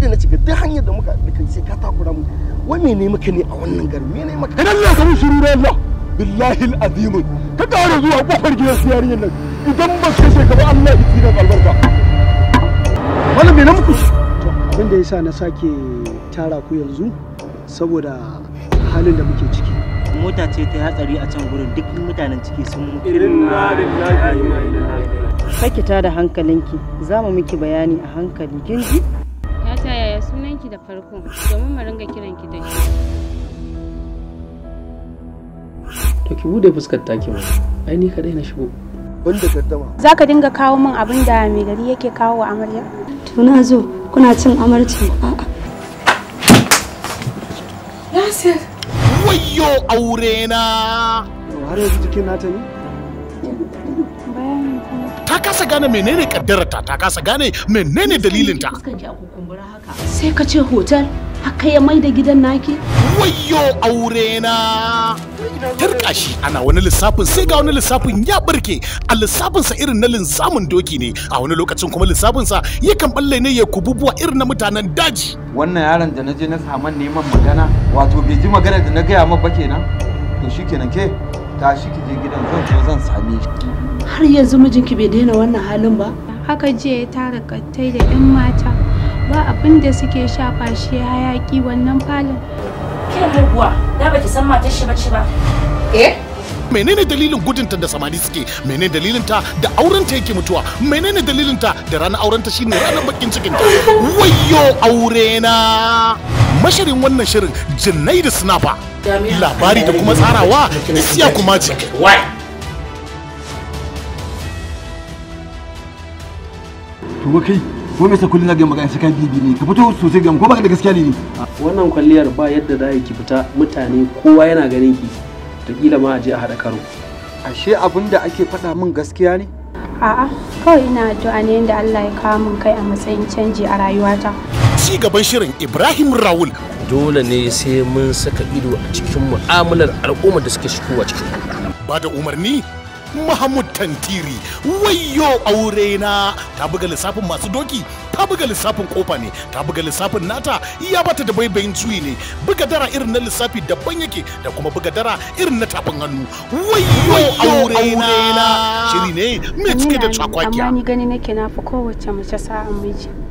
da na cika duk hanyar da muka da kai sai ka takura mu wai mene maka ne a wannan garin mene maka kada Allah ka mushi ruwa Allah billahi alazim ka kare zuwa kofar gidan su yarinyar nan idan ba ka sai ka ba Allah ya tsira albarka wannan mene muku abin da yasa na sake tara ku yanzu saboda halin da muke ciki mota ce ta hatsari a can gurin duk mutanen ciki sun mutu inna lillahi wa inna ilaihi kake tada hankalinki za mu miki bayani a hankali kin ji sunanki da farko domin mu ringa kiranki da shi to ki bude fuskar taki mu ai ni kadai na shigo wanda gardama za ka dinga kawo min abin da mai gari yake kawo wa amarya to na zo kuna cin amarci a'a Yasir wayyo aure na har yanzu jikin nata ne ta kasa gane menene kaddarata ta kasa gane menene dalilinta haka sai ka ce hotel haka ya mai da gidan naki wayo aure na tarkashi ana wani lissafin sai ga wani lissafin ya barke a lissafinsa irin na linsamun doki ne a wani lokacin kuma lissafinsa yakan balle ne ya kububuwa irin na mutanen daji wannan yaron da na je na saman neman magana wato bai ji magana da na gaya ma ba kenan to shikenan ke tashi ki je gidan zan zo zan same shi har yanzu mijinki bai daina wannan halin ba haka jiya ya tara kattai da 'yan mata ba abin da suke shafa shi hayaki wannan falon ke haihuwa da ki san matar shi bace ba eh menene dalilin gudunta da samari suke menene dalilinta da aurenta yake mutuwa menene dalilinta da ranar aurenta shine ranar bakin cikinta wayo aure na mashirin wannan shirin jinnai da sinafa labari da kuma tsarawa isiya kuma ce to kai ko me sai kullun zaka magana sai ka bibi ne ka fito sosai ga mu ko baka da gaskiya ne wannan kwalliyar ba yadda za ki fita mutane kowa yana ganin ki ta kila ma a je a hada karo ashe abin da ake faɗa min gaskiya ne a'a kawai ina addu'a ne da Allah ya kawo min kai a matsayin canji a rayuwata ci gaban shirin Ibrahim Rawul dole ne sai mun saka ido a cikin mu'amalar al'ummar da suke shigowa cikin ba da umarni Muhammad Tantiri wayo aure na ta buga lissafin masu doki ta buga lissafin kofa ne ta buga lissafin nata ya bata da baibayin tsuyi ne buga dara irin na lissafi daban yake da kuma buga dara irin na tafin hannu wayo aure na shiri ne mai cike da cakwakiya amma ni gani nake na fi kowace mace sa'an miji